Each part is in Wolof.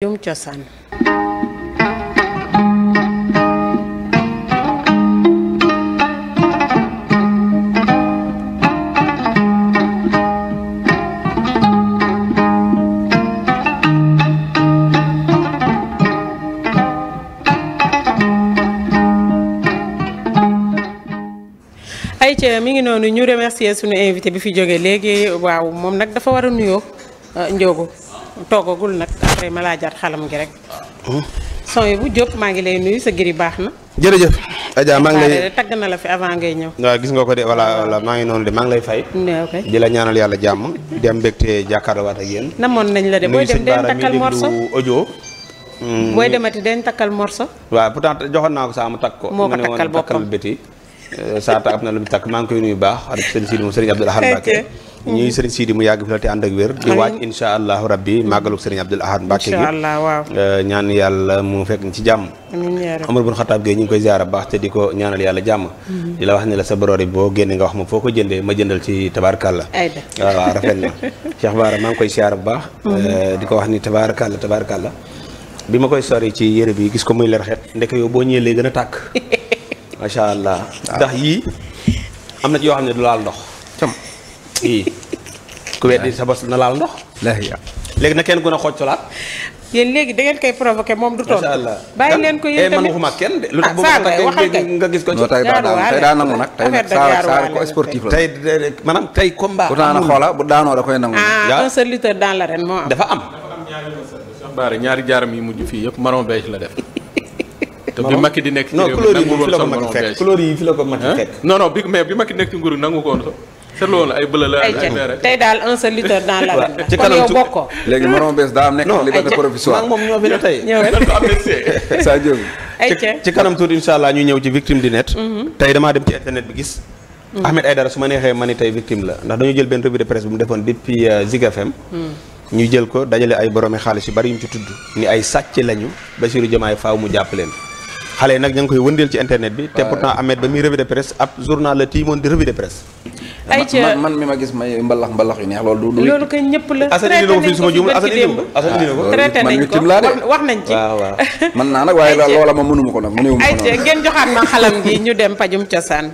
jum cosaan ayca mi ngi noonu ñu remercier sunu invité bi fi jóge léegi waaw moom nag dafa war a nuyoo euh, Ndiogo toogagul nag tey ma laajaat xalam gi rek. Hmm? sooy bu Diop maa ngi lay nuyu sa giri baax na. jërëjëf. Adja maa ngi lay tagg na la fi avant ngay ñëw. waaw gis nga ko de voilà voilà maa ngi noonu de maa ngi lay fay. Mm, di la ñaanal yàlla jàmm. di am mbégte jàkkaarloowaat ak yéen. namoon nañ la de booy dem den takkal morso audio. Mm, booy demati den takkal morso. waaw pourtant joxoon naa ko saa mu takk ko. moo ko takkal boppam bëti euh, saa ta am na lu mu takk maa ngi koy nuyu baax ak sëñ Sidi moom sëriñ Abdoulaye Mbacke ñuy sëriñ Sidi mu yàgg fi la te ànd ak wér di waaj insha allahu rabbi màggaluk sëriñ Abdul Ahad Mbàkke gi euh, ñaan yàlla mu fekk ci jàmm Omar bun Xataab Gueye ñu ngi koy bu baax te di ko ñaanal yàlla jàmm mm-hmm. di la wax ni la sa boroori boo génne nga wax ma foo ko jëndee ma jëndal ci tabaarkàlla waaw rafet na Cheikh Bara maa ngi koy ziara bu baax mm-hmm. euh, di ko wax ni tabaarkàlla tabaarkàlla bi ma koy sori ci yére bi gis ko muy leer xet ndeke yow boo ñëwee lay gën tàkk macha allah na yoo xam ne du laal ndox ku weddi sa bos na laal ndox. léegi na kenn gën a xooj solaat. yéen léegi da ngeen koy provoqué moom du tontu. macha allah bàyyi leen ko yéen eh, tamit man kenn de. lu tax ah, boobu nga gis ko ci. tey daanaka nag tey nag saa saa ko sportif la. tey maanaam tey combat. amul bu xoola bu daanoo da koy nangu. ah un seul lutteur dans l'arène moo am. dafa am. dafa ñaari jaaram yi mujj fii yëpp marron beige la def. te bi Macky di nekk ci réew mi nangu woon sa marron beige non couleur yi fi la ko Macky fekk. non non bi mais bi Macky nekk ci nguur nangu ko woon seetlu woon ay bële la tey daal un seul lutteur dans l'arène la. ci kanam yow bokkoo. léegi maroon bees daa am nekk ak liberté provisoire moom ñoo fi ne ñëw ci kanam tuuti incha allah ñu ñëw ci victime di net. Mhm. tey damaa dem ci internet bi gis. Mhm. Ahmed dara su ma neexee ma ni tey victime la ndax dañu jël benn revue de presse bu mu defoon depuis euh, Zik FM. Mhm. ñu jël ko dajale ay boroomi xaalis yu bari yu ci tudd ni ay sàcc lañu Bassirou Diomaye faaw mu jàpp leen xale yi nag ña ngi koy wëndeel ci internet bi te pourtant Ahmed ba muy revue de presse ab journal la tiimoon di revue de presse ayca man mi ma gis may mbalax mbalax yu neex loolu du. loolu kay ñëpp la ah, traité nañ ko fi bët ki wax nañ ci. waaw naa nag waaye loola ma mënuma ko nag. mënuma ko nag ayca ngeen joxaat ma xalam gi ñu dem pajum cosaan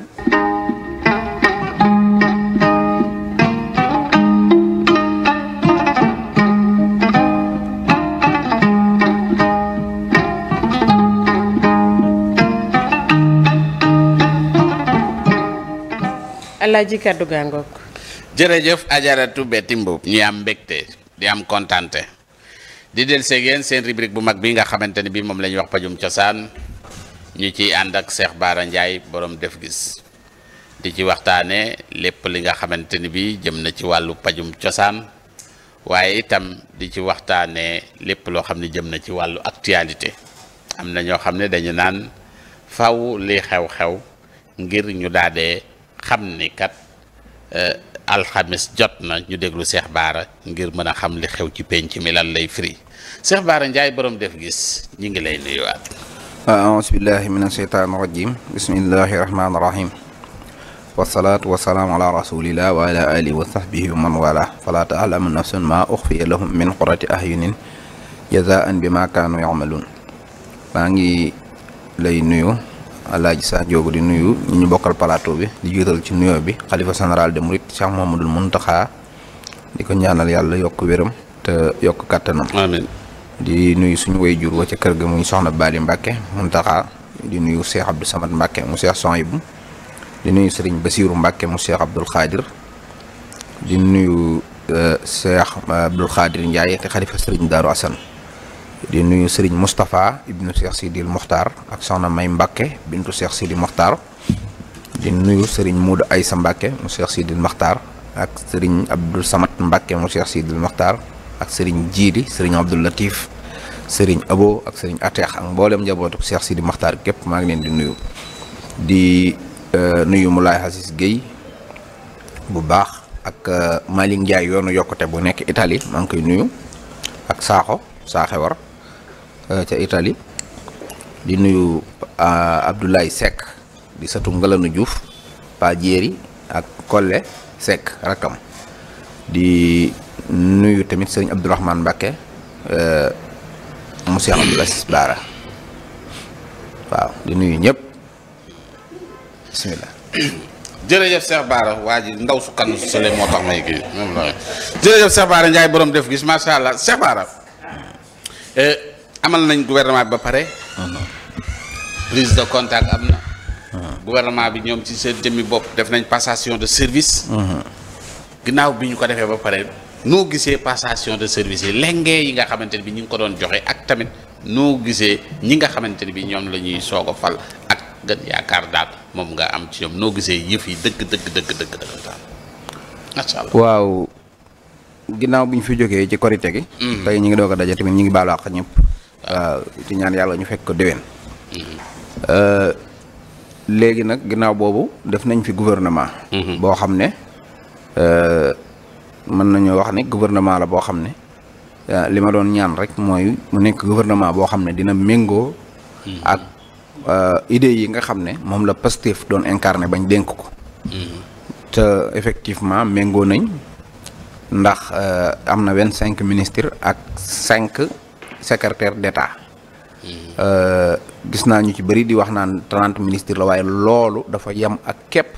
Alaaji kàddu gaa ngoog jërëjëf ajaratu beti Mbuub ñu am mbégte di am kontante di del seeg yéen seen rubrique bu mag bi nga xamante ni bii moom la ñuy wax pajum cosaan ñu ciy ànd ak Cheikh Bara Ndiaye borom def gis di ci waxtaane lépp li nga xamante ni bii jëm na ci wàllu pajum cosaan waaye itam di ci waxtaanee lépp loo xam ne jëm na ci wàllu actualité am na ñoo xam ne dañu naan faw li xew-xew ngir ñu daadee xam ni kat euh, alxamis jot na ñu déglu Cheikh Baara ngir mën a xam li xew ci penc mi lan lay firi Cheikh Baara Ndiaye borom def gis ñu ngi lay nuyuwaat. aauzu billahi min asheytaani rajim bismillahi rahmaani rahim wasalaatu wasalaamu ala rasulillah wa ala alihi wa sahbihi wa man wala fala taalamu nafsun ma uxfiya lahum min qurati ahyunin jazaan bi ma kaanu yamaluun maa ngi lay nuyu alaaji saa Ndiogou di nuyu ñu ñu bokkal palaato bi di jiital ci nuyo bi xalifa général de Mouride Cheikh Mouhamadoul Mountakha di ko ñaanal yàlla yokk wéram te yokk kàttanam di nuyu suñu way jur wa ca kër ga muy soxna Bali Mbacke Mountakha di nuyu Cheikh Abdou Samad Mbacke mu Cheikh Sohibou di nuyu Serigne basiiru Mbacke mu Cheikh Abdoul Khadir di nuyu euh, Cheikh Abdoul Khadir Ndiaye te xalifa Serigne daaru Assane di nuyu Serigne Moustapha ibnu Cheikh Sidil Mokhtar ak soxna May Mbacke bintu Cheikh Sidil Mokhtar di nuyu Serigne Modou Aïssa Mbacke mu Cheikh Sidil Mokhtar ak sëriñ Abdoul Samad Mbacke mu Cheikh Sidil Mokhtar ak Serigne Jiidi Serigne Abdoul Latif Serigne Abo ak sëriñ Ateex ak mboolem njabootu Cheikh Sidil Mokhtar képp maa ngi leen di nuyu di euh, nuyu mulaay Hassis Guèye bu baax ak euh, Malick Ndiaye yoonu yokkute bu nekk Italie maa ngi koy nuyu ak Sakho Saaxe Euh, ca Italie di nuyu euh, Abdoulaye sekk di satu Ngalanu juuf Pa ak Kolle Seck rakkam di nuyu tamit sëriñ Abdourahmane Mbacké monsieur Abdoul Aziz Bara waaw di nuyu ñëpp bismillah jërëjëf Cheikh Bara waa ji ndaw su kan su moo tax may kii moom la jërëjëf Cheikh Bara Ndiaye def gis macha allah Cheikh Bara eh, amal nañ gouvernement bi ba pare. prise de ak am na. gouvernement bi ñoom ci seen jëmmi bopp def nañ passation de service. ginnaaw bi ñu ko defee ba pare noo gisee passation de service yi lengee yi nga xamante ne bi ñu ngi ko doon joxe ak tamit noo gisee ñi nga xamante ne bi ñoom la ñuy soog a fal ak gën yaakaar daal moom nga am ci ñoom noo gisee yëf yi dëkk dëgg dëkk dëkk dëgg daal macha ginnaaw bi ñu fi jógee ci korite gi. Mm-hmm. tey ñu ngi doog a daje tamit ñu ngi baalu àq ñëpp. waaw di ñaan yàlla ñu fekk ko déwén. Mm-hmm. Euh, léegi nag ginnaaw boobu def nañ fi gouvernement. Mm-hmm. boo xam ne euh, mën nañoo wax ne gouvernement la boo xam ne euh, li ma doon ñaan rek mooy mu nekk gouvernement boo xam ne dina méngoo. Mm-hmm. ak idées yi nga xam ne moom la Pastef doon incarné bañ dénk ko. te effectivement méngoo nañ ndax am na vingt cinq ministre ak cinq. secrétaire d'État hmm. euh, gis naa ñu ci bëri di wax naan trente ministres la waaye loolu dafa yem ak képp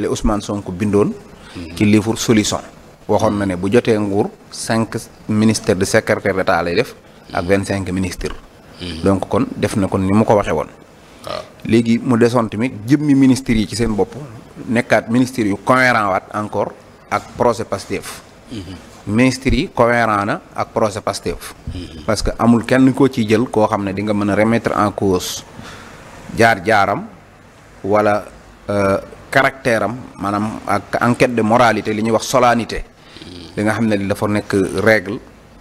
li Ousmane Sonko bindoon hmm. ci livre solution waxoon na ne bu jotee nguur cinq ministères de secrétaire d'État lay def ak hmm. vingt cinq ministres donc kon def na kon ni mu ko waxee woon ah. léegi mu desoon tamit jëmmi ministres yi ci seen bopp nekkaat ministres yu cohérent waat encore ak projet Pastef ministre yi cohérent na ak projet Pastef parce que amul kenn koo ciy jël koo xam ne di nga mën a remetre en cause jaar-jaaram wala euh, caractère am maanaam ak enquête de moralité li ñuy wax solaanité li nga xam ne li dafa nekk règle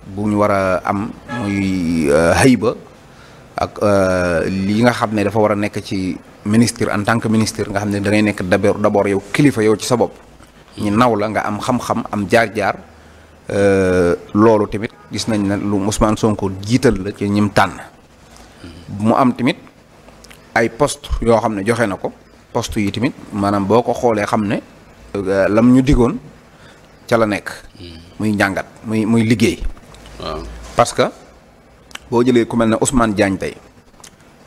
bu ñu war a am muy euh, hayba ak euh, li nga xam ne dafa war a nekk ci ministre en tant que ministre nga xam ne dangay ngay nekk d'abord d'abord yow kilifa yow ci sa bopp ñu naw la nga am xam-xam am jaar-jaar Euh, loolu tamit gis nañ ne lu Ousmane Sonko jiital la ci ñim tànn mu am tamit ay poste yoo xam ne joxe na ko poste yi tamit maanaam boo ko xoolee xam ne euh, lam ñu digoon ca la nekk muy njàngat muy muy liggéey waaw parce que boo jëlee ku mel ne Ousmane Diagne tey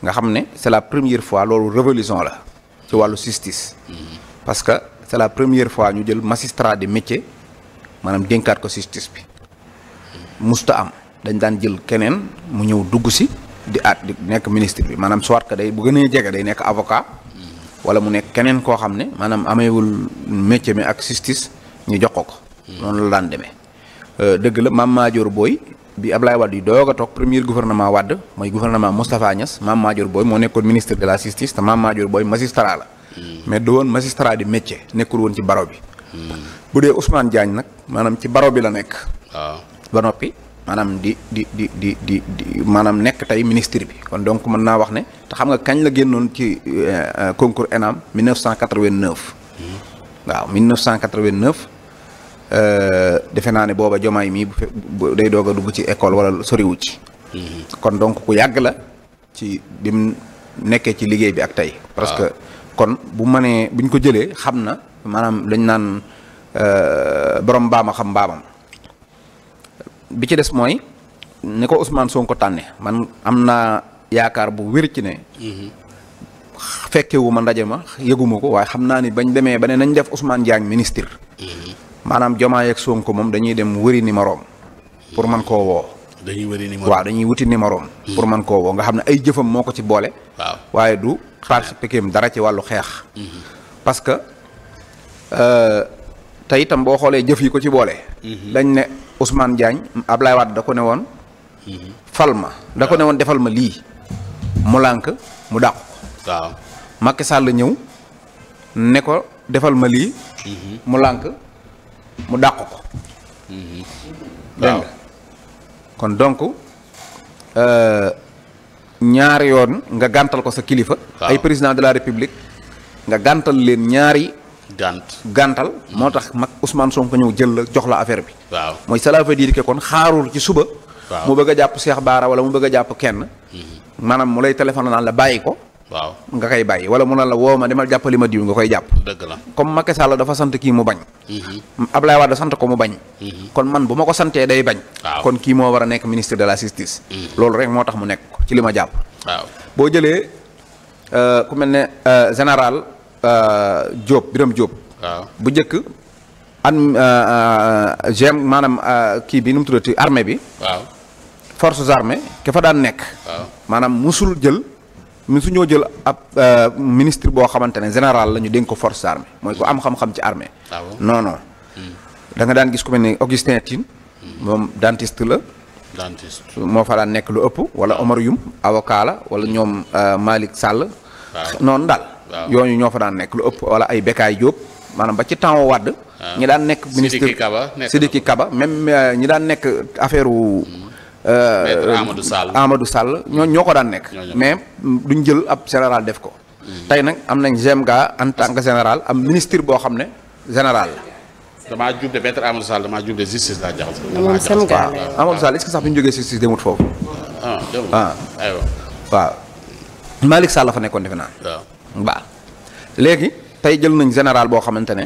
nga xam ne c'est la première fois loolu révolution la ci wàllu justice mm-hmm. parce que c'est la première fois ñu jël magistrat de métier maanaam dénkaat ko justice bi musta am dañ daan jël keneen mu ñëw dugg si di at nekk ministre bi maanaam soit que day bu gënee jege day nekk avocat wala mu nekk keneen koo xam ne maanaam ameewul métier mi ak sistis ñu jox ko ko. noonu la daan demee. Euh, dëgg la maam Madior Boye bi Ablaye Wade yi doog a toog premier gouvernement Wade mooy gouvernement Moustapha Niass maam Madior Boye moo nekkoon ministre de la justice te maam Madior Boye magistrat la. Hmm. mais du woon magistrat di métier woon ci baro bi. bu dee Ousmane Diagne nag maanaam ci baro bi la nekk. ba noppi maanaam di di di di di maanaam nekk tey ministre bi kon donc mën naa wax ne te xam nga kañ la génnoon ci euh, euh, concours ENAM 1989. waaw 1989. Euh, defe naa ne booba jomaay mii bu day doog a dugg ci école wala soriwu ci. Mhm. kon donc ku yàgg la ci bi mu nekkee ci liggéey bi ak tey. parce que kon bu mënee bu ñu ko jëlee xam na maanaam lañ naan euh, borom mbaam a xam mbaamam bi ci des mooy ni ko usmaan Ousmane ko tànne man am naa yaakaar bu wér ci ne. Mm-hmm. fekkewu ma ndaje ma yëguma ko waaye xam naa ni bañ demee ba ne nañ def Ousmane Diagne ministre. Mm-hmm. maanaam Diomaye ak Sonko moom dañuy dem wëri numéro pour man koo woo. dañuy wëri numéro waaw dañuy wuti numéro mm-hmm. pour man koo woo nga xam ne ay jëfam moo ko ci boole. waaw waaye du participer ci wàllu xeex. Euh, te itam boo xoolee jëf yi ko ci boole. Mm-hmm. dañ ne Ousmane Diagne Ablaye Wade da ko ne woon. Mm-hmm. fal ma da ko ne woon defal ma lii mu lànk mu dàqu ko. waaw ñëw ne ko defal ma lii. Mm-hmm. mu lànk mu dàqu ko. kon donc euh, ñaari yoon nga gàntal ko sa kilifa. ay président de la république nga gàntal leen ñaari. gant gàntal moo tax mag Ousmane Sonko ñëw jël la jox la affaire bi. waaw mooy cela veut dire kon xaarul ci suba. mu bëgg a jàpp Cheikh Baara wala mu bëgg a jàpp kenn. Mm-hmm. maanaam mu lay téléphone naan la bàyyi ko. waaw nga koy bàyyi wala mu ne la woo ma demal jàppali ma diw nga koy jàpp. dëgg la comme Macky Sall dafa sant kii mu bañ. Mm-hmm. Ablaye Wade sant ko mu bañ. Mm-hmm. kon man bu ma ko santee day bañ. kon kii moo war a nekk ministre de la justice. loolu rek moo tax mu nekk ko ci li ma jàpp. waaw boo jëlee euh, ku mel ne euh, général. Euh, Diop Birame Diop. bu njëkk an euh, euh, GM maanaam kii bi nu mu tuddati armée bi. waaw forces armées ke fa daan nekk. waaw maanaam musul jël. mi su ñoo jël ab ministre boo xamante ne général la ñu dénk ko force armée mooy ko am xam-xam ci armée ah non non hmm. da nga daan gis ku mel ni Augustin Tine hmm. moom dentiste la dentiste moo fa daan nekk lu ëpp wala ah. Omar Youm avocat wala ñoom Malick Sall ah. noonu daal yooyu ñoo fa daan nekk lu ëpp wala ay Bekaay Diop maanaam ba ci temps wàdd ah. ñi daan nekk ministre Sidiki Kaba même euh, ñi daan nekk affaire wu hmm. euh, Amadou Sall Amadou Sall ñoo ñoo ko daan nekk mais duñ jël ab général def ko hmm. tey nag am nañ GMK en tant que général am ministre boo xam ne général la damaa jub de maître Amadou Sall damaa jub de justice laa jaxase. que sax bu ñu jógee si demut foofu. ah, ah. waaw. Malick la fa nekkoon defe naa. waaw léegi tey jël nañ général boo xamante ne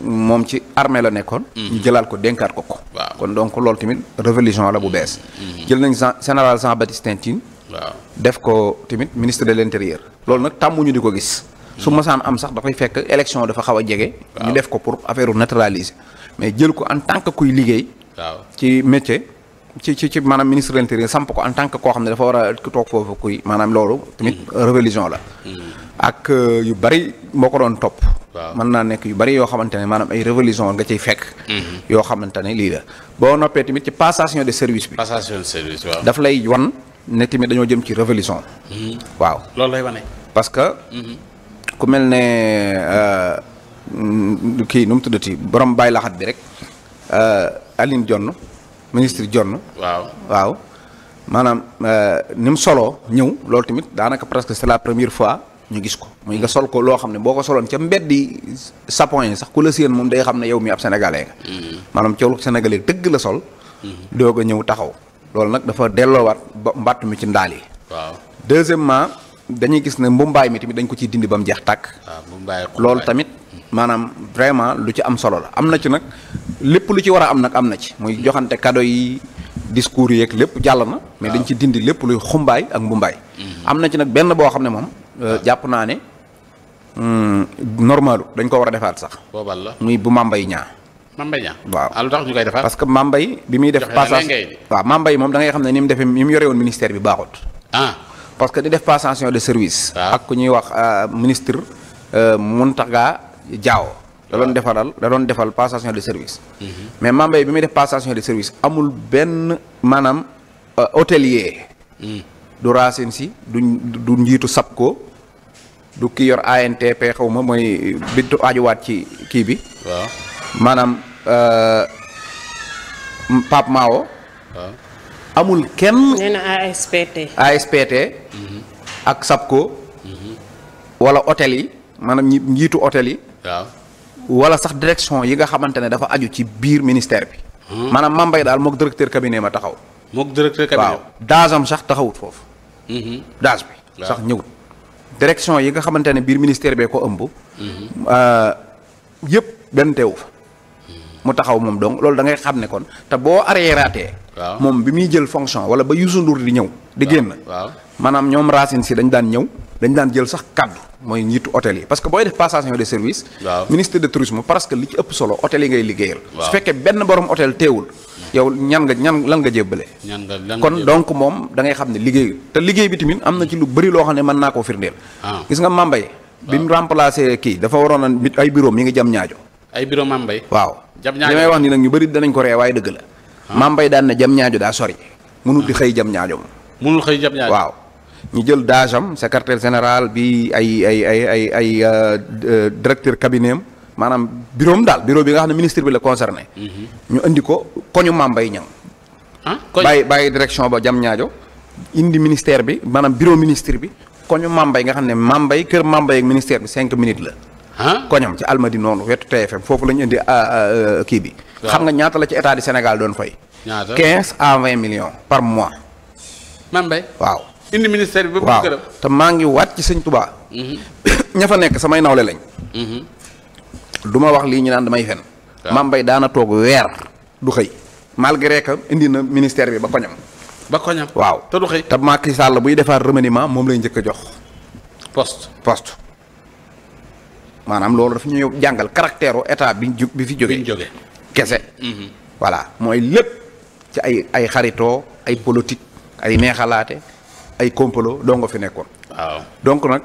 moom ci armée la nekkoon. Mhm. ñu jëlaat ko dénkaat ko ko. kon donc loolu tamit révolution la bu bees. Mhm. jël nañ général Jean-Baptiste Tintine. def ko tamit ministre de l'intérieur. loolu nag tàmmuñu di ko gis. su mhm. masaan am sax dafay fekk élection dafa xaw a jege. ñu def ko pour affaire naturaliser mais jël ko en tant que kuy liggéey. ci métier. ci ci ci maanaam ministre de l'intérieur samp ko en tant que koo xam ne dafa war a toog foofu kuy maanaam loolu. tamit révolution la. ak euh, yu bari moo ko doon topp. mën naa nekk yu bari yoo xamante ne maanaam ay révolution nga ciy fekk. Mm-hmm. yoo xamante ne lii la boo noppee tamit ci passation de service bi. passation de service waaw. lay wan ne tamit dañoo jëm ci révolution. Mm-hmm. waaw loolu lay wane. parce que. Mm-hmm. ku mel ne euh, kii nu mu tuddati borom bàyyi laxat bi rek euh, Aline Dione ministre Dione. waaw waaw maanaam mu soloo ñëw loolu tamit daanaka presque c'est la première fois. ñu gis ko muy nga sol ko loo xam ne boo ko soloon ca mbeddi sapon yi sax ku la séen moom day xam ne yow mi ab sénégalais mm-hmm. maanaam coow sénégalais dëgg la sol mm-hmm. doo ko ñëw taxaw loolu nag dafa delloowaat mbàtt mi ci ndaal waaw deuxièmement dañuy gis ne mbumbaay mi tamit dañ ko ciy dindi ba mu jeex tàkk loolu tamit mm-hmm. maanaam vraiment lu ci am solo la am na ci nag lépp lu ci war a am nag am na ci muy joxante cadeau yi discours yeeg lépp jàll na mais dañ ci dindi lépp luy xumbaay ak mbumbaay am na ci nag benn boo xam ne moom Euh, jàpp naa ne hmm, normalu dañ ko war a defaat sax. boobal la muy bu Mambay ñaa. Mambay ñaa waaw ah, lu tax koy defaat. que Mambay bi muy def. passation waaw Mambay moom da xam ne ni mu defee ni mu yore woon ministère bi baaxut. ah parce que di def passation de service. Ah. ak ku ñuy wax euh, ministre euh, Mountaga Diaw. da doon ah. defaral da doon defal passation de service. Mhm. mais Mambay bi muy def passation de service amul benn maanaam hôtelier. Mm. du Racine Sy du du njiitu SAPCO du ki yor ANTP xaw ma mooy bitu ajuwaat ci kii bi. waaw maanaam euh, Pape waaw amul kenn. nee na ASPT. ASPT. Mm-hmm. ak SAPCO. Mm-hmm. wala hôtel yi maanaam ñi njiitu hôtel yi. waaw wala sax direction yi nga xamante ne dafa aju ci biir ministère bi. Hmm. maanaam Mambay daal mook directeur cabinet ma taxaw. mook directeur cabinet waaw daasam sax taxawut foofu. Mhm. daas bi sax ñëwut direction yi nga xamante ne biir ministère bee ko ëmb mhm. euh, yëpp benn teewu fa mhm. mu taxaw moom donc loolu da xam ne kon te boo arriératee moom bi muy jël fonction wala ba Youssou Ndour di ñëw di génn maanaam ñoom Racine si dañ daan ñëw dañ daan jël sax kaddu mooy njiitu hôtel yi parce que booy def passation de service ministre de tourisme parce que li ci ëpp solo hôtel yi ngay liggéeyal su fekkee benn borom hôtel teewul yow ñan nga ñan lan nga jébbale kon donc moom dangay xam ne liggéey te liggéey bi tamit am na ci lu bëri loo xam ne mën naa koo firndeel ah. gis nga Mambay bi mu ah. remplacé kii dafa waroon a ay bureau mi ngi jam ñaajo ay bureau Mambay waaw jam ñaajo li may wax ni nag ñu bëri danañ ko ree waaye dëgg la ah. Mambay daan na jam ñaajo daa sori mënul di xëy jam ñaajo moom mënul xëy jam ñaajo waaw ñu jël daajam secretaire général bi ay ay ay ay ay euh, euh, directeur cabinet am maanaam bureau am daal bureau bi nga xam ne ministre bi la concerné. Mhm. ñu indi ko koñu Mame Mbaye Niang. ah bàyyi bàyyi direction ba jam ñaajo indi ministère bi maanaam bureau ministre bi koñu Mame Mbaye nga xam ne Mame kër Mame ak ministère bi cinq minutes la. Ah? koñam ci Almadi noonu wetu TFM foofu la ñu indi ah, ah, euh, kii bi. xam nga ñaata la ci état di Sénégal doon fay. ñaata 15 à million millions par mois. Mame Mbaye waaw. indi ministère bi ba. waaw te maa ngi waat ci sëñ Touba. Mhm. ña fa nekk samay nawle lañ. Mhm. du ma wax lii ñu naan damay fen Mame Mbaye daana toog weer du xëy malgré que indi na ministère bi ba koñam ba koñam waaw te du xëy te Macky Sall buy defaat remaniement moom lay jëkka jox post post maanaam loolu dafa ñuy jàngal caractère état bi ju bi fi jóge kese mm-hmm. voilà mooy lépp ci ay ay xaritoo ay politique ay neexalaate ay complot doo fi nekkoon waaw donc nag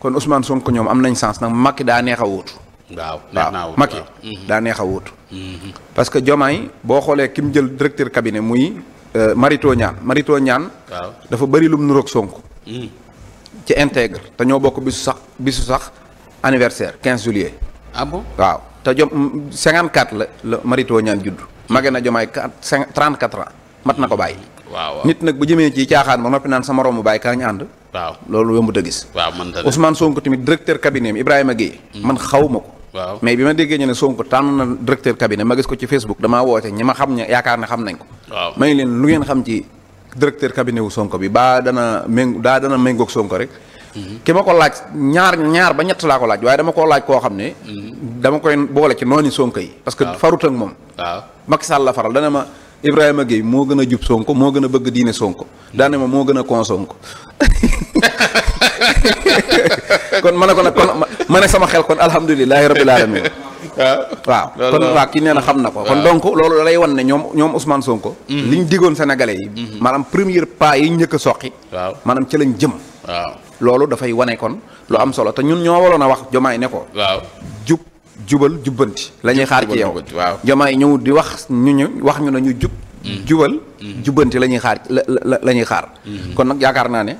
kon Ousmane sonk ñoom am nañ sens nag Macky daa neex a wóotu waaw waaw Macky mm-hmm. daa neex a wut. Mm-hmm. parce que Diomaye boo xoolee ki mu jël directeur cabinet muy euh, Marito ñaan Marito ñaan dafa bëri lum nuroog sonk mm. ci intègre te ñoo bokk bisu sax bisu sax anniversaire quinze juillet. ah bon waaw te Jom 54 mm, la la Marito ñaan judd. mage na Diomaye 4 34 ans mat na ko bàyyi. Mm-hmm. waaw nit nag bu jëmee ci caaxaan ba noppi naan sama moromu bàyyi kaa ñu ànd. waaw loolu yombut a gis. waaw man Ousmane tamit directeur cabinet mi Ibrahima Guèye. Mm. man xaw ma ko. waaw mais bi ma déggee ñu ne Sonko tànn na directeur cabinet ma gis ko ci Facebook damaa woote ñi ma xam ña yaakaar ne xam nañ ko. waaw may leen lu ngeen xam ci directeur cabinet wu Sonko bi baa dana méng daa dana méngoog sonk rek. Mhm. ki ma ko laaj ñaar ñaar ba ñett laa ko laaj waaye dama koo laaj koo xam ne. Mhm. dama koy boole ci noonu sonk yi. parce que farut ak moom. waaw Macky faral dana ma. Ibrahima Gueye moo gën a jub sonk moo gën a bëgg diine Sonko. Mhm. daane ma moo gën a kon kon ma ne ko nag kon ma ne sama xel kon alhamdulilahi rabbil alamin ah, waaw kon waa ki nee na xam na ko kon ah. donc loolu lay wan ne ñoom ñoom Ousmane ko li ñu digoon sénégalais yi mm-hmm. maanaam première pas yi njëkk a soqi waaw maanaam ci lañ jëm loolu dafay wane kon lu am solo te ñun ñoo waroon a wax jomaay ne ko waaw jub jubal jubbanti la ñuy xaar ci yow jomaay ñëw di wax ñu ñu wax ñu nañu jub mm-hmm. jubal mm-hmm. jubbanti la ñuy xaar la la ñuy xaar kon nag yaakaar naa ne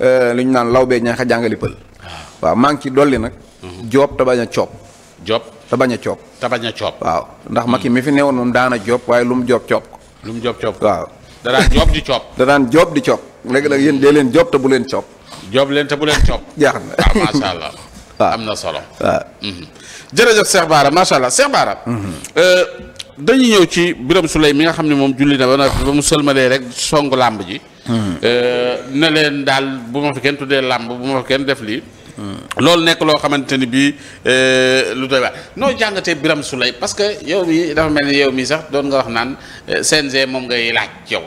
Euh, li ñu naan lawbee ñaax a jàngali pël ah. waaw maa ngi ci dolli nag mhm. joob te bañ a coob joob te bañ a coob a waaw ndax Macky mhm. mi fi newoon moom daana joob waaye lu mu joob coob ko lu mu joob coob waaw danaan joob di coob danaan di coob léegi nag yéen dee leen joob te leen coob joob leen te bu leen coob jeex na waaw ah, macha allah waaw am na solo waaw mhm. jërëjëf allah Cheikh Bara euh, dañu ñëw ci Birame Souleye mi nga xam ne moom julli na ba mu sëlmalee rek song làmb ji Euh, na leen daal bu ma fi kenn tuddee làmb bu ma fi kenn def lii. loolu nekk loo xamante ni bii euh, lu doy waar noo jàngatee Birame Souleye parce que yow mi dafa mel ni yow mi sax doon nga wax naan euh, CNG moom ngay laaj yow.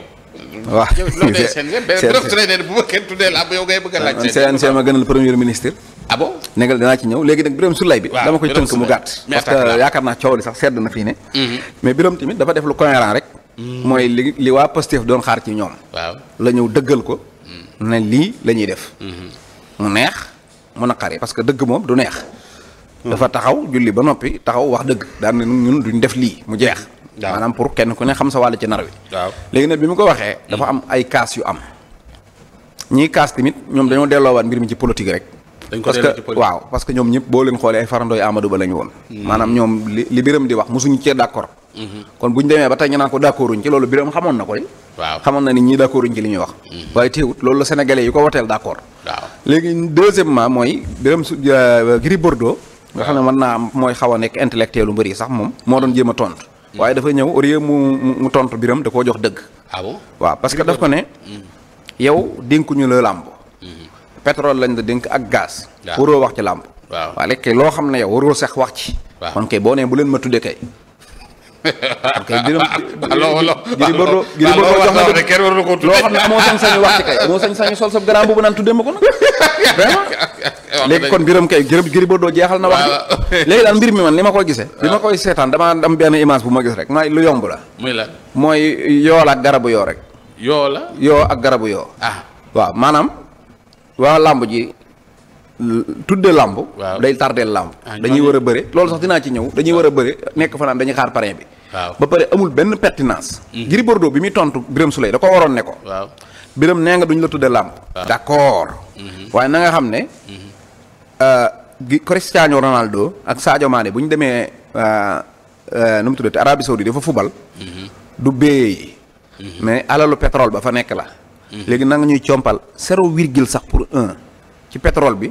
waaw loolu day CNG Birame Souleye na bu ma kenn tuddee làmb yow ngay bëgg laaj. CNG ma gënal premier ministre. ah bon danaa ci ñëw léegi nag Birame Souleye bi. dama koy tënk mu gàtt. parce que yaakaar naa coow li sax sedd na fii ne. Mm-hmm. mais Birame tamit dafa def lu cohérent re mooy li li waa Pastef doon xaar ci ñoom. waaw la ñëw dëggal ko. Mm. ne lii lañuy def. Mm-hmm. mu neex mu naqari parce que dëgg moom du neex. Mm. dafa taxaw julli ba noppi taxaw wax dëgg daan na ñun duñ def lii mu jeex. Mm. maanaam pour kenn ku ne xam sa wàll ci nar wi. waaw léegi nag bi mu ko waxee. dafa am ay kaas yu am. ñii kaas tamit ñoom dañoo delloowaat mbir mi ci politique rek. dañ ko parce que waaw parce ñoom ñëpp boo leen xoolee ay farandooy Amadou Ba la ñu woon. maanaam ñoom li li biram di wax mosuñu cee d'accord. kon bu ñu demee ba tey ñu naan ko d'accorduñ ci loolu biram xamoon na ko ni waaw xamoon na ni ñii d'accorduñ ci li ñu wax mm-hmm. waaye teewut loolu la sénégalais yi ko woteel d'accord waaw léegi deuxièmement mooy biram su euh, euh, Gris Bordeaux nga xam ne mën naa am mooy xaw a nekk intellectuel lu mbëri sax moom moo doon jéem a tontu mm-hmm. waaye dafa ñëw au mu mu tontu biram da koo jox dëgg ah bon waaw parce que daf ko ne mm-hmm. yow dénkuñu la làmb pétrole lañ la dénk ak gaz waroo wax ci làmp waaw léegi loo xam ne yow waroo sax wax ci kon kay boo nee bu leen ma tudde loo xam ne amoo sañ-sañu wax kay amoo sañ-sañu sol sa grand boobu naan tuddee ma ko nag léegi kon biram kay Gris doo jeexal na wax bi léegi daal mbir mi man ni ma koy gisee bi ma koy seetaan damaa am benn image bu ma gis rek mooy lu yomb la muy la mooy yool ak garabu yoo rek yoo la yoo ak garabu yoo ah waaw maanaam waa làmb ji tudde làmb day tardeel làmb ah, dañuy war a bëre loolu sax dinaa ci ñëw dañuy war a bëre nekk fanaan dañuy xaar parrain bi ba pare amul benn pertinance hmm. Gris Bordeaux bi muy tontu Birame Souleye da ko waroon ne ko biram nee nga duñ la tudde làmb d'accord hmm. waaye na nga xam ne hmm. euh, Cristiano Ronaldo ak Sadio Mané bu ñu demee euh, euh, nu mu tuddati Arabie Saoudite dafa fubal du béyee mais alalu pétrole ba fa nekk la léegi nanga ñuy compal zéro virgule sax pour un ci pétrole bi.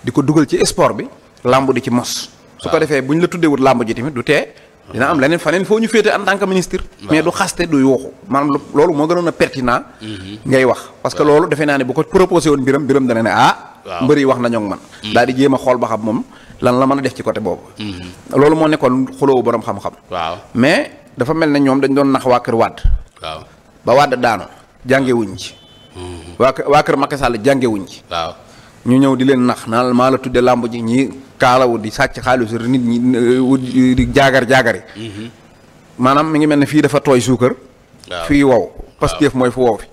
di ko dugal ci sport bi. làmb di ci mos. su ko defee bu ñu la tuddee wut làmb ji tamit du tee. dina am leneen faneen foo ñu féete en tant que ministre. mais du xaste du yooxu maanaam loolu moo gënoon a pertinent. Mhm. ngay wax parce que loolu defe naa ne bu ko proposé woon mbiram mbiram dana ne ah. mbër yi wax nañoo ak man. Mhm. daal di jéem xool ba xam moom lan la mën a def ci côté boobu. Mhm. loolu moo nekkoon xulóowu borom xam-xam. waaw mais dafa mel ne ñoom dañ doon nax waa kër Wade. ba Wade daanu jànge wuñ ci. waa waa kër Macky Sall wuñ ci. waaw ñu ñëw di leen nax naan maa la tuddee làmb ji ñii kaalawu di sàcc xaalis nit ñi di jaagar jaagari mm-hmm. maanaam mi ngi mel ne fii dafa tooy suukar fii wow Pastef mooy fu wow fi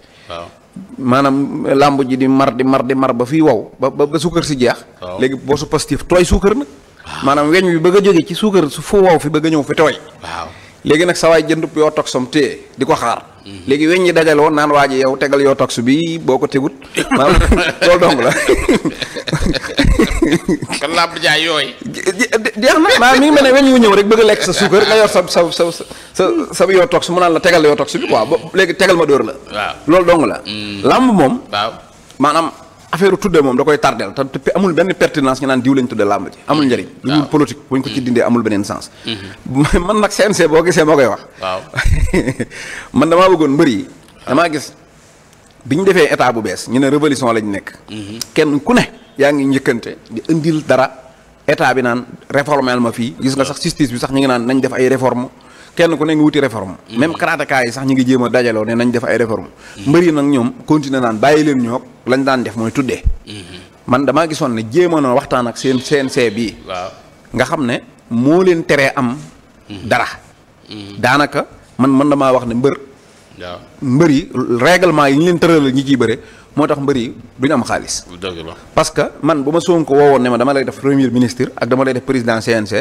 maanaam làmb ji di mar di mar di mar ba fii wow ba ba suukar si jeex léegi boo su Pastef tooy suukar nag maanaam weñ wi bëgg a jóge ci suukar su fu wow fi bëgg a ñëw fi tooy waaw léegi nag sa jënd jëndub yoo toxam téye di ko xaar léegi weñ ñi dajaloon naan waa ji yow tegal yoo tox bi boo ko tegut maanaam loolu dong la kan làmb jaay yooyu jeex na maanaam mi ngi mel ne weñ wu ñëw rek bëgg a lekk sa suukar nga sa sa sa sa yoo tox mu naan la tegal yoo tox léegi tegal ma dóor la waaw loolu la mm. làmb moom maanaam affaire tudde moom da koy tardel te amul benn pertinence ñu naan diw lañ tudde làmb ji amul njëriñ lu dul politique buñ ko ci dindee amul beneen sens mhm. man nag CNG boo gisee moo koy wax waaw man damaa bëggoon mbër yi damaa gis bi ñu defee état bu bees ñu ne révolution lañ nekk mhm. kenn ku ne yaa ngi njëkkante di indil dara état bi naan réformel ma fii gis nga sax justice bi sax ñu ngi naan nañ def ay réforme kenn ko ne ngi wuti réforme même karateka yi sax ñu ngi jéem a dajaloo ne nañ def ay réforme mbëri nag ñoom continuer naan bàyyi leen ñoo lañ daan def mooy tuddee man damaa gisoon ne jéem waxtaan ak seen CNG bii waaw nga xam ne moo leen teree am dara daanaka man man damaa wax ne mbër waaw mbër yi règlement yi ñu leen tëralal ñi ciy bëre moo tax mbër yi duñu am xaalis. dëgg la parce que man bu ma Sonko woowoon ne ma dama lay def premier ministre ak dama lay def président CNC.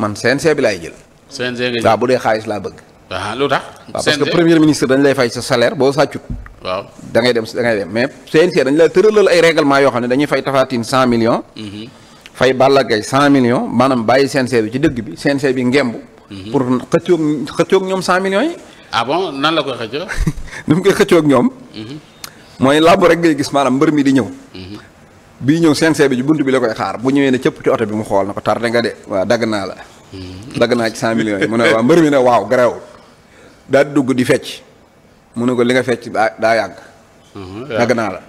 man CNC bi laay jël. CNG nga bu dee xaalis laa bëgg. waaw ah, lu tax. CNG parce que premier ministre dañ lay fay sa salaire boo sàccut. waaw da ngay dem da ngay dem mais CNG dañ la tëralal ay règlement yoo xam ne dañuy fay tafatine cent millions. Mhm. fay Balla Gaye cent millions maanaam bàyyi CNG bi ci dëgg bi CNG bi ngemb. Mhm. pour xëccoog xëccoog ñoom cent millions yi. ah bon nan la koy xëccoo. nu mu koy xëccoog ñoom. Mhm. mooy làmb rek ngay gis maanaam mbër mi di ñëw. bii ñëw CNG bi ci bunt bi la koy xaar bu ñëwee ne cëpp ci oto bi mu xool na ko tardé nga de waaw dagg naa la. dagg naa ci cent millions yi mu ne waaw mbër mi ne waaw garawul daa dugg di fecc mu ne ko li nga fecc daa daa yàgg mm-hmm. dagg naa la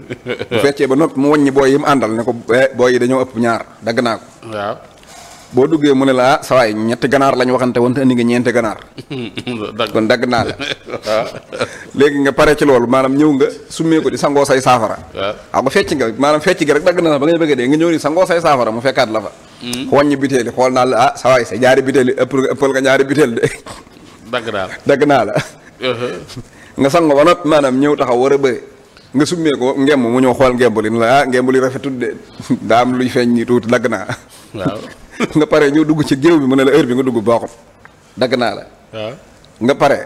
bu feccee ba noppi mu wàññi booy yi mu àndal ne ko eh, booy yi dañoo ëpp ñaar dagg naa ko boo duggee mu ne la ah sawaay ñetti ganaar lañ waxante wante andi nga ñeenti ganaar kon dagg naa la léegi nga pare ci loolu maanaam ñëw nga summee ko di sangoo say saafara waaw nga ah, fecc nga maanaam fecc gi rek dagg na la ba nga ñëw ni sangoo say mu fekkaat la fa Hmm? wàññi butéeli xool naa la ah sa waay sa ñaari butéeli ëpp ëppal nga ñaari butéel de. dagg naa la dagg naa la. Uh-huh. nga sango ba noppi maanaam ñëw taxaw war a bëri nga summee ko ngemb mu ñëw xool ngemb li la ah ngemb li rafetul de daa am luy feeñ nii tuuti dagg naa. waaw nga pare ñëw dugg ci géew bi mu ne la heure bi nga dugg baaxut dagg naa la. nga pare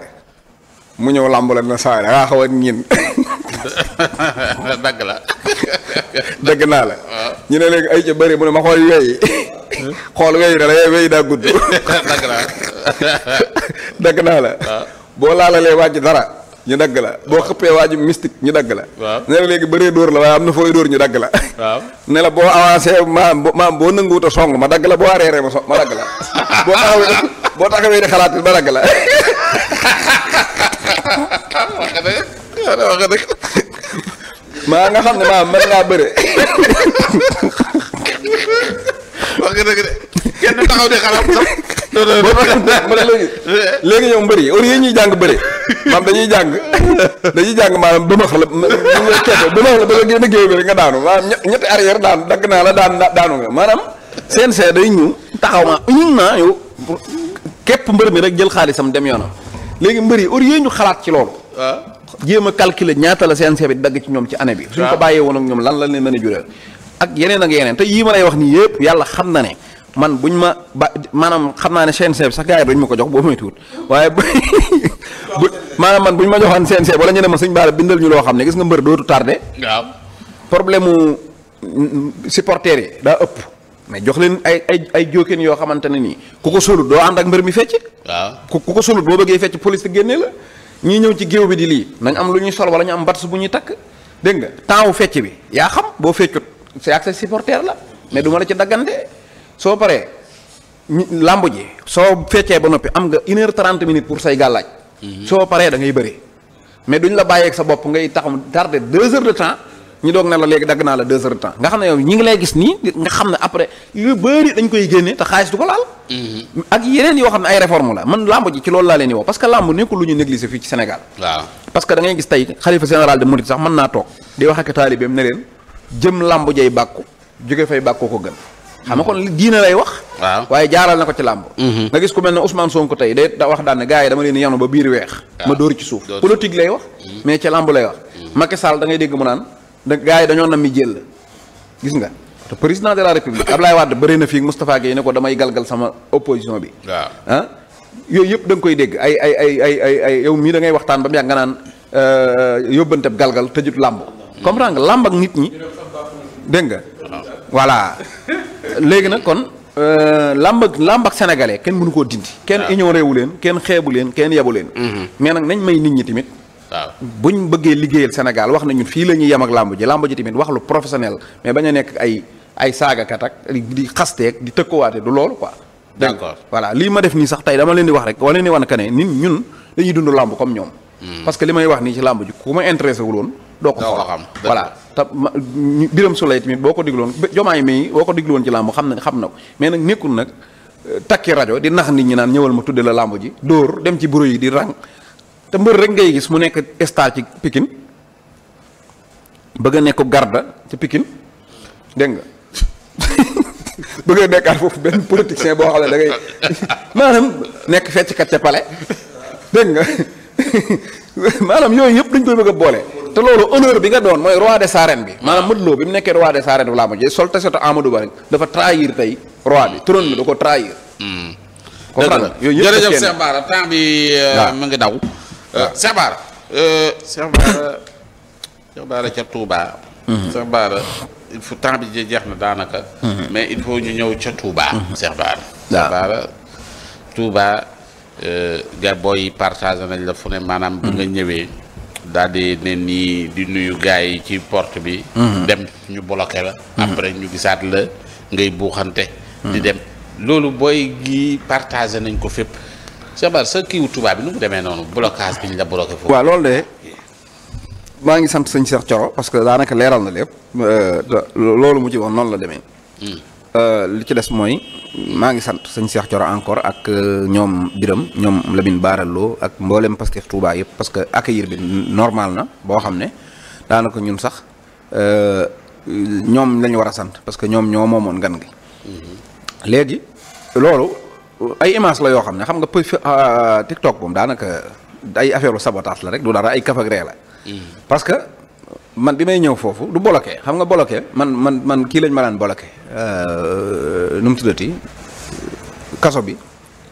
mu ñëw làmb la na saa yi xaw a ñin. dagg la. dagg naa la. ñu ne léegi ay ca bëri mu ne ma xool weyi hmm? xool weyi ne la yooyu weyi daa gudd. dagg naa la. boo laalalee wàcc dara. ñu dagg la boo xëppee waaju mystique ñu dagg la ne la léegi bëree la waaye am na dóor ñu dagg la ne la boo avancé maam maam boo nanguwut song ma dagg la boo areeree ma so ma dagg la boo taxawee di xalaat ma dagg la xanaa wax dëgg maa nga xam ne maa ma ngaa bëre. wax nga dëgg de kenn taxaw di xalaat sax. léegi léegi ñoom mbër yi au lieu ñuy jàng bëre maam dañuy jàng dañuy jàng maanaam bëmax la keeto bëmax la ba nga génn géew bi rek nga daanu maanaam ñetti arrière daanu dagg naa la daan daanu nga maanaam seen see day ñu taxaw ma ñun naa yow képp mbër mi rek jël xaalisam dem yoonam léegi mbër yi au ñu xalaat ci loolu jéem a calculer ñaata la CNG bi dagg ci ñoom ci année bi. suñ ko bàyyee woon ak ñoom lan la leen mën a jural. ak yeneen ak yeneen te yii ma ay wax nii yëpp yàlla xam na ne man bu buñ ma ba maanaam xam naa ne CNG bi sax gars yi duñ ma ko jox boo may tuut waaye bu maanaam man bu ñu ma joxoon CNG wala ñu ne ma suñ baara bindal ñu loo xam ne gis nga mbër dootu tardé. waaw problème mu supporter yi daa ëpp. mais jox leen ay ay ay jóokeen yoo xamante ne nii ku ko sulut doo ànd ak mi fecc. ku ku ko sulut boo bëggee fecc police te génnee la. ñii ñëw ci géew bi di lii nañ am lu ñuy sol wala ñu am bats bu ñuy takk dégg nga temps wu fecc bi yaa xam boo feccut c'est ak sa supporter la mais du ma la ci daggante soo paree làmb ji soo feccee ba noppi am nga une heure trente minutes pour say gàllaaj mhm. soo paree da ngay bëri mais duñ la bàyyeeg sa bopp ngay taxam tardé deux heures de temps ñu doog na la léegi dagg naa la deux heures temps nga xam ne yow ñi ngi lay gis nii nga xam ne après yu bëri dañ koy génne te xaalis du ko laal mm-hmm. ak yeneen yoo xam ne ay réforme la man lamb ji ci loolu laa leen di wax parce que lamb nekkul lu ñu négliger fii ci Sénégal waaw parce gis tey xalifa général de Mouride sax mën naa toog di wax ak taalibeem ne leen jëm lamb jay bàkku jóge fay bàkkoo ko gën xam nga mm-hmm. kon lay wax waaw waaye jaaral na ko ci l mm-hmm. nga gis ku mel ne Ousmane Sonko tey day dégg naan da gars yi dañoo nammi jël gis nga te président de la république Ablaye Wade bëri na fii Moustapha Gueye ne ko damay galgal sama opposition bi. waaw ah yooyu yëpp da koy dégg ay ay ay ay ay yow mii da ngay waxtaan ba mu yàgg nga naan euh, yóbbante galgal tëjut làmb. comprendre nga làmb ak nit ñi dégg nga. voilà léegi nag kon. Euh, làmb ak làmb ak sénégalais kenn mënu koo dindi. kenn ignoré wu leen kenn xeebu leen kenn yabu leen. Mhm. mais nag nañ may nit ñi tamit. bu ñu bëggee liggéeyal Sénégal wax nañu fii la ñuy yem ak làmb ji làmb ji tamit wax lu professionnel mais bañ a nekk ay ay saagakat ak di xasteeg di tëkkuwaate du loolu quoi. d'accord voilà lii ma def nii sax tey dama leen di wax rek wala leen di wan que ne nit ñun dañuy dund làmb comme ñoom. Hmm. parce que li may wax nii ci làmb ji ku ma intéressé wul woon. doo ko xam voilà te biram sulay tamit boo ko digloon jomaay mi boo ko woon ci làmb xam na xam na mais nag nekkul nag euh, takki rajo di nax nit ñi naan ñëwal ma tudde la làmb ji dóor dem ci bureau yi di rang te mbër rek ngay gis mu nekk star ci Pikine bëgg a nekk garda ci Pikine dégg nga bëgg a nekkaat foofu benn politicien boo xam ne da ngay maanaam nekk fecckat ca palais dégg nga maanaam yooyu yëpp dañ koy bëgg boole te loolu honneur bi nga doon mooy roi des arènes bi maanaam Modou loo bi mu nekkee roi des arènes bi laa ma jël sol te soto Amadou Ba dafa trahir tey roi bi trône bi da ko trahir. Hmm. comprendre yooyu yëpp jërëjëf Cheikh Bara temps bi euh, mu daw. Euh, euh, Cheikh Bara Cheikh ca Touba mhm. Cheikh Bara il faut temps bi jeex na daanaka mhm. mais il faut ñu ñëw ca Touba mhm. Cheikh Bara Cheikh Bara Touba euh, ga booy partagé nañ la fu ne maanaam bu nga ñëwee daal di ne nii di nuyu gars yi ci porte bi dem ñu bloqué la après ñu gisaat la ngay buuxante di dem loolu booy gi partagé nañ ko fépp Cheikh Bara sa kiiwu tubaab bi nu mu demee noonu blocage bi ñu la bloqué foofu. waaw loolu de maa ngi sant sëñ Cheikh Thioro parce que daanaka leeral na lépp euh, loolu mu ci wax noonu la demee. Hmm. Euh, li ci des mooy maa ngi sant sëñ Cheikh Thioro encore ak euh, ñoom Biram ñoom Lamine Baaraloo ak mboolem Pastef Touba yëpp parce que accueillir bi normal na boo xam ne daanaka ñun sax ñoom la war a sant parce que ñoom ñoo moomoon ngan gi. Hmm. léegi loolu. ay image la yoo xam ne xam nga peu euh, TikTok moom daanaka ay affaire u la rek du dara ay kaf ree la. Hmm. parce que man bi may ñëw foofu du bloqué xam nga bloqué man man man kii lañ ma daan bloqué. Euh, nu mu tuddati kaso bi.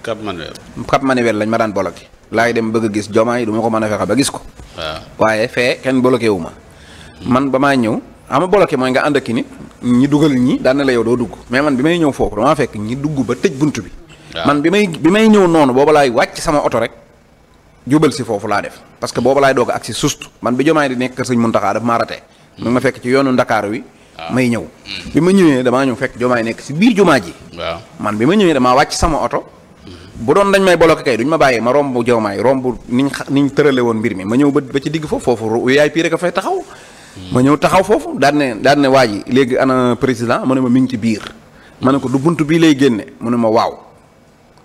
Cap Manuel. Cap Manuel lañ ma daan bloqué. laay dem bëgg a gis jomaay du ma ko mën a fexe ba gis ko. waaw waaye fee kenn bloqué wu ma. Hmm. man ba maa ñëw ama bloqué mooy nga ànd ak ki nit ñi dugal ñi daan na la yow doo dugg mais man bi may ñëw foofu damaa fekk ñi dugg ba tëj bunt bi. man bi may bi may ñëw noonu booba laay wàcc sama oto rek jubal si foofu laa def parce que booba laay doog ak si sust man bi jomaay di nekk kër mun Muntaxaa daf maa hmm. ma fekk ci yoonu Ndakaaru wi ah. may ñëw hmm. bi ma ñëwee damaa ñëw fekk jomaay nekk si biir jumaa ji man bi ma ñëwee damaa wàcc sama oto hmm. bu doon dañ may boloké kay duñ ma bàyyee ma romb jomaay romb niñ niñ tërale woon mbir mi ma ñëw ba ba ci digg foofu foofu yaay pii rek a fay taxaw ma ñëw taxaw foofu daan ne ne waa ji léegi ana président mu ne ma mi ngi ci biir ma ne ko du bunt bii lay génne mu ne ma waaw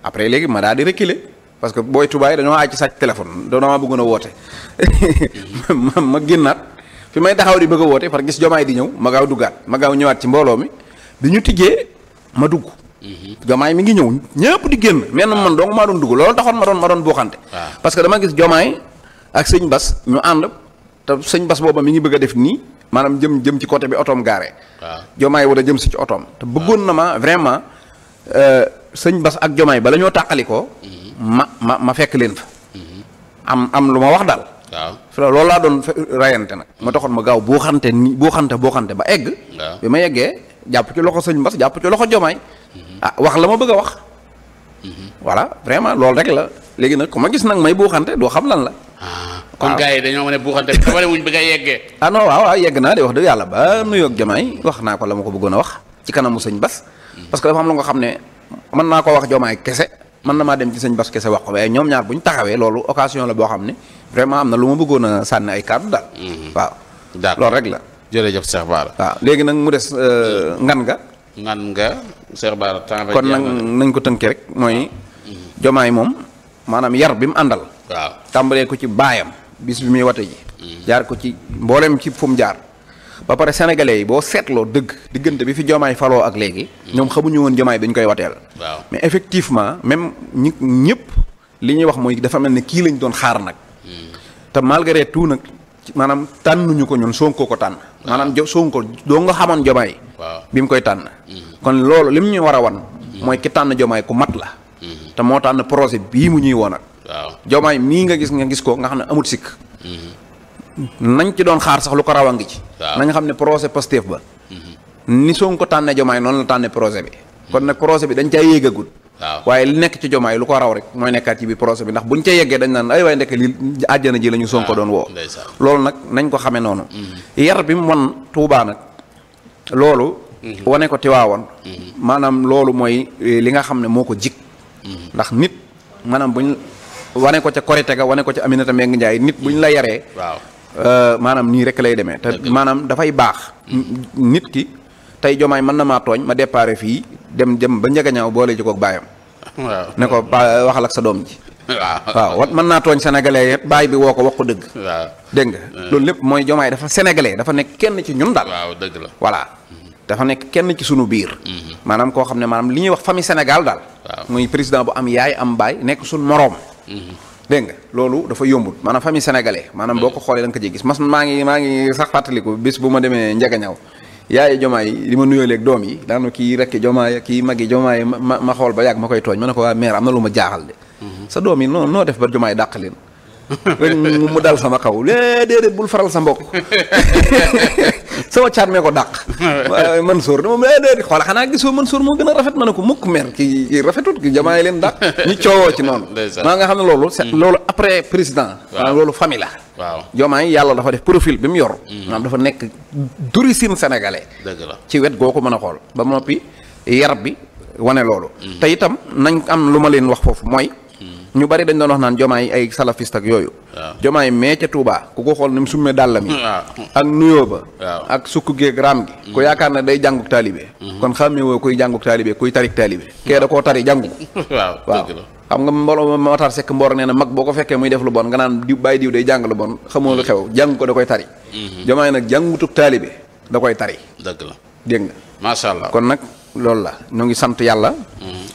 après léegi ma daal di reculer parce que booy tubaay dañoo aaj ci sàcc téléphone dañoo bëggoon a woote ma ma génnaat fi may taxaw di bëgg a woote far gis jomaay di ñëw ma gaaw duggaat ma gaaw ñëwaat ci mbooloo mi bi ñu tijjee ma dugg. Mhm. jomaay mi ngi ñëw ñëpp di génn. men man dong maa doon dugg loolu taxoon ma doon ma doon buuxante. Ah. parce que dama gis jomaay ak sëñ Bas ñu ànd te sëñ Bas booba mi ngi bëgg a def nii maanaam jëm jëm ci côté bi otoom gaare. waaw ah. jomaay war a jëm si ci otoom. te bëggoon na ma vraiment. Euh, sëñ Bas ak Jomaay bala ñoo tàqalikoo mhm. ma ma ma fekk leen fa. Mhm. am am lu ma wax daal. waaw loolu laa doon reyante nag. ma taxoon ma gaaw boo xante ni boo xante boo xante ba egg. bi ma yeggee jàpp ci loxo sëñ Bas jàpp ci loxo Jomaay. Mhm. ah wax la ma bëgg a wax. voilà vraiment loolu rek la léegi nag ku ma gis nag may buuxante doo xam lan la. Ah, kon gars yi dañoo mën a buuxante xamal wuñ bi nga yeggee. ah non waaw waaw yegg naa de wax dëgg yàlla ba nuyoog jamaay wax naa ko la ma ko bëggoon a wax ci kanamu sëñ Bas. parce dafa am lu nga xam ne mën naa ko wax jomaay kese mën na maa dem ci sëñ Bass kese wax ko waaye ñoom ñaar bu ñu taxawee loolu occasion la boo xam ne vraiment am na lu ma bëggoon a sànni ay kàddu daal. Mhm. waaw. loolu rek la. jërëjëf Cheikh Bara. léegi nag mu des euh, ngan nga. ngan nga Cheikh Bara temps kon nag nañ ko tënkee rek mooy. jomaay moom maanaam yar bi mu àndal. waaw tàmbalee ko ci baayam bis bi muy wate ji. Mhm. jaar ko ci mboolem ci fu mu jaar. ba pare sénégalais yi boo seetloo dëgg diggante bi fi jomaay faloo ak léegi ñoom xamuñu woon jomaay bi ñu koy wateel waaw mais effectivement même ñi ñëpp li ñuy wax mooy dafa mel ni kii lañ doon xaar nag hmm. te malgré tout nag maanaam tànnuñu ko ñun Sonko ko tànn maanaam jo ko doo nga xamoon jomaay bi mu koy tànn hmm. kon loolu li mu ñu war a wan hmm. mooy ki tànn jomaay ku mat la te moo tànn projet bii mu ñuy woon ak jomaay mii nga gis nga gis ko nga xam ne amut sikk nañ ci doon xaar sax lu ko raw a ngi ci. nañ xam ne projet Pastef ba. ni Sonko tànnee jomaay noonu la tànnee projet bi. kon nag projet bi dañ caa yéegagul. waaw waaye li nekk ci jomaay lu ko raw rek mooy nekkaat ci biir projet bi ndax buñ ca yeggee dañ naan ay waaye ndekk li àjjana ji la ñu ko doon woo. loolu nag nañ ko xame noonu. Mm-hmm. yar bi mu wan Touba nag loolu. Mm-hmm. wane ko Tiwaawoon. Mm-hmm. maanaam loolu mooy eh, li nga xam ne moo ko jig. ndax nit maanaam buñ wane ko ca Korite ga wane ko ca Aminata Mbengue Ndiaye nit buñ la yaree. waaw Euh, maanaam nii rek lay demee. te maanaam dafay baax. Hmm. nit ki tey jomaay mën na maa tooñ ma déparé fii dem jëm ba njëgañaaw boole ji koog baayam. ne ko waxal ak sa doom ji. waaw wat mën naa tooñ sénégalais baay bi woo ko wax ko dëgg. waaw dégg nga hmm. loolu lépp mooy jomaay dafa sénégalais dafa nekk kenn ci ñun daal. waaw dëgg la voilà. Hmm. dafa nekk kenn ci sunu biir. maanaam koo xam ne maanaam li ñuy wax fami Sénégal daal. muy président bu am yaay am baay nekk suñu moroom. dégg nga loolu dafa yombul maanaam famille sénégalais maanaam boo ko hmm. xoolee da nga ko ciy gis mas maa ngi maa ngi sax fàttaliku bis bu ma demee njagañaw yaaye jomaa yi li ma nuyoo léeg doom yi daanu kii rekki jomaay kii magi jomaay ma ma xool ba yàgg ma koy tooñ ma ne ko waa mère am na lu ma jaaxal de hmm. sa doom yi noo noo def ba jomaay dàq leen rek mu dal sama xaw kaw déedéet bul faral sa mbokk sama caat mee ko dàq. waaw Mansour dama déedéet xool xanaa gisoo Mansour moo gën a rafet ma ne ko mukk mer ki kii rafetut ki jamaay leen dàq ñu coowoo ci noonu. maa nga xam ne loolu. Hmm. loolu après président. waaw loolu famille la. waaw Diomaye yàlla dafa def profil bi mu yor. Hmm. maanaam dafa nekk d'origine sénégalais. dëgg la ci wet goo ko mën a xool ba noppi yarab bi wane loolu. Hmm. te itam nañ am lu ma leen wax foofu mooy. ñu bari dañ doon wax naan jomaay ay salafiste ak yooyu. jomaay mee ca Touba ku ko xool ni mu summee dàllam yi ak nuyoo ba. ak sukk geeg raam gi. ku mm-hmm. yaakaar ne day jànguk taalibe. Mm-hmm. kon xàmmee woo kuy jànguk kuy tarik taalibe. Mm-hmm. kee da koo tari jàngu. waaw waaw xam nga mbooloo ma Matar Seck Mbor nee na mag boo ko fekkee muy def lu bon nga naan diw bàyyi diw day jàng lu bon xamoo lu ko da koy tari. jomaay nag jàngutuk taalibe da koy tari. dëgg la dégg nga. macha allah kon nag loolu la ñoo ngi sant yàlla.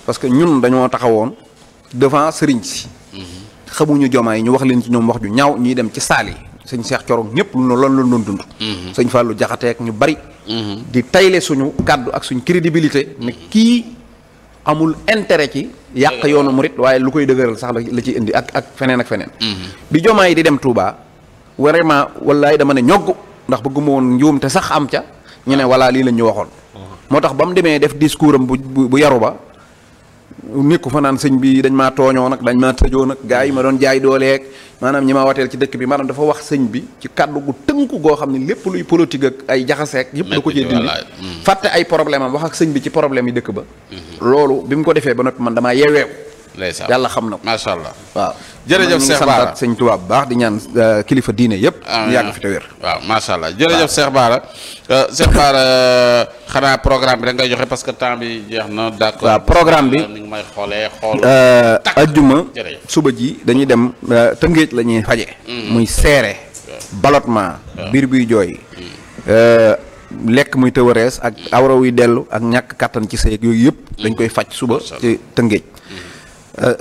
parce que ñun dañoo taxawoon devant sëriñ si. xamuñu yi ñu wax leen ci ñoom wax ju ñaaw ñuy dem ci saali yi sëñ Cheikh Thiorog ñëpp lu loolu loolu doon dund. Mhm. sëñ Fallou Diakhaté ak ñu bari. Mhm. di tayle suñu kàddu ak suñ crédibilité ne kii amul intérêt ci. yàq yoonu murit waaye lu koy dëgëral sax la ci indi ak ak feneen ak feneen. Mhm. bi yi di dem Touba vraiment wallaay dama ne ñogg ndax bëgguma woon njuum te sax am ca ñu ne ah. lii lañ ñu waxoon. Ah. moo tax ba mu demee def discours am bu bu yaru nekku fa naan sëñ bi dañ maa tooñoo nag dañ maa tëjoo nag gaa yi ma doon jaay dooleek maanaam ñi ma wateel ci dëkk bi maanaam dafa wax sëñ bi ci kàddu gu tënku goo xam ne lépp luy politique ak ay jaxaseek yëpp du ko cee dindi mm. fàtte ay problème am wax ak sëñ bi ci problème yi dëkk ba mm-hmm. loolu bi mu ko defee ba noppi man damaa yeeweew yàlla xam na ko macha allah waaw jërëjëf Cheikh Bara sëñ Tuubaa bu baax di ñaan euh, kilifa diine yëpp. yàgg fi te wér. waaw macha allah jërëjëf Cheikh Bara. Euh, Cheikh Bara euh, xanaa programme bi rek ngay joxe parce que temps bi jeex na. d'accord waaw programme bi ni ngi may xoolee xool. ajjuma suba ji dañuy dem Tëngéej la ñuy faje hmm. muy seere. ballottement biir buy jooy. Hmm. lekk muy tëwërees ak hmm. awra wuy dellu ak ñàkk kàttan ci sëy yooyu yëpp. dañ koy faj suba ci Tëngéej.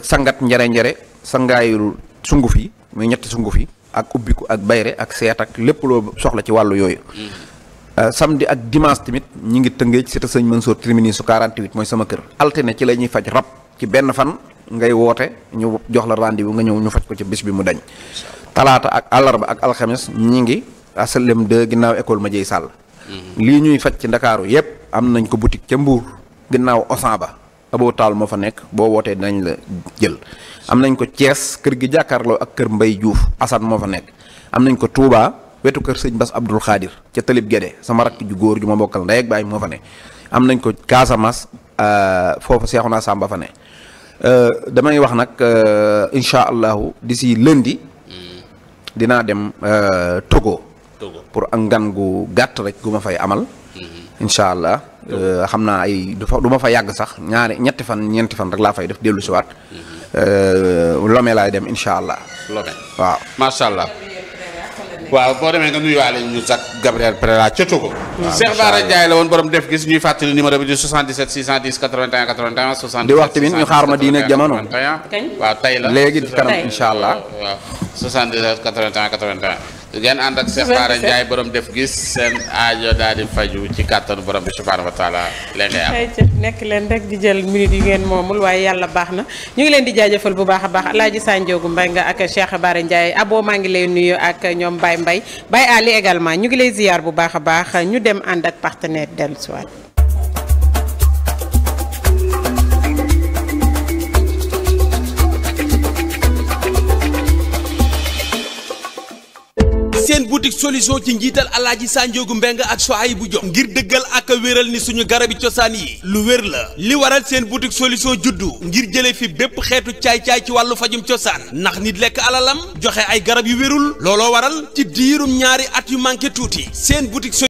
sangat njare njare sangaayul sunguf yi muy ñetti sunguf yi ak ubbiku ak bayre ak seet ak lépp loo soxla ci wàllu yooyu mm-hmm. euh, samedi ak dimanche tamit ñi ngi tëngéej ci sëñ Mansour termini su 48 mooy sama kër altine ci la ñuy faj rab ci benn fan ngay woote ñu jox la rendez-vous nga ñëw ñu faj ko ci bis bi mu dañ talaata ak àllarba ak alxemes ñi ngi asalem de ginnaaw école ma jëy sàll lii ñuy faj ci ndakaaru yépp am nañ ko boutique ca mbuur ginnaaw osan ba aboo taal moo fa nekk boo wootee dinañ la jël am nañ ko Thiès kër gi jàkkaarloo ak kër Mbay Juuf Assane moo fa nekk am nañ ko Touba wetu kër sëñ Bass Abdul Xaadir ca Talib Guédé sama rakk ju góor ju ma bokkal ndey ak baay moo fa ne am nañ ko Casamance euh, foofu Seexuna Samba fa ne euh, damay wax nag euh, incha allahu d'ici lëndi dinaa dem Togo. Togo pour ak ngan gu gàtt rek gu ma fay amal. incha allah euh, xam naa ay du fa du ma fa yàgg sax ñaari ñetti fan ñeenti fan rek laa fay def dellu si waat euh, Lomé laay dem incha allah. Lomé waaw macha allah. waaw boo demee nga nuyuwaale ñu Jacques Gabriel Préra ca Togo. waaw Cheikh Bara Ndiaye la woon borom def gis ñuy fàttali numéro bi di 77 610 81 81. 77 di wax tamit ñu xaar ma diine ak jamono. waaw tey la léegi ci kanam incha allah. waaw 77 81 du ngeen ànd ak Cheikh Bara Ndiaye borom def gis seen aajo daal di faju ci kàttanu borom bi subhaanahu wa leen ngay am nekk leen rek di jël minute yi ngeen moomul waaye yàlla baax na ñu ngi leen di jaajëfal bu baax a baax alaaji Sanjoogu Mbay nga ak Cheikh Bara Ndiaye aboo maa ngi lay nuyu ak ñoom mbay Mbaye Baye Ali également ñu ngi lay ziyaar bu baax a baax ñu dem ànd ak partenaire dellusiwaat boutique solution ci njiital alaaji Sanjoogu Mbeng ak Sohaybu Jox ngir dëggal ak wéral ni suñu garabi cosaan yi lu wér la li waral seen boutique solution juddu ngir jële fi bépp xeetu caay-caay ci wàllu fajum cosaan ndax nit lekk alalam joxe ay garab yu wérul looloo waral ci diirum ñaari at yu manqué tuuti seen boutique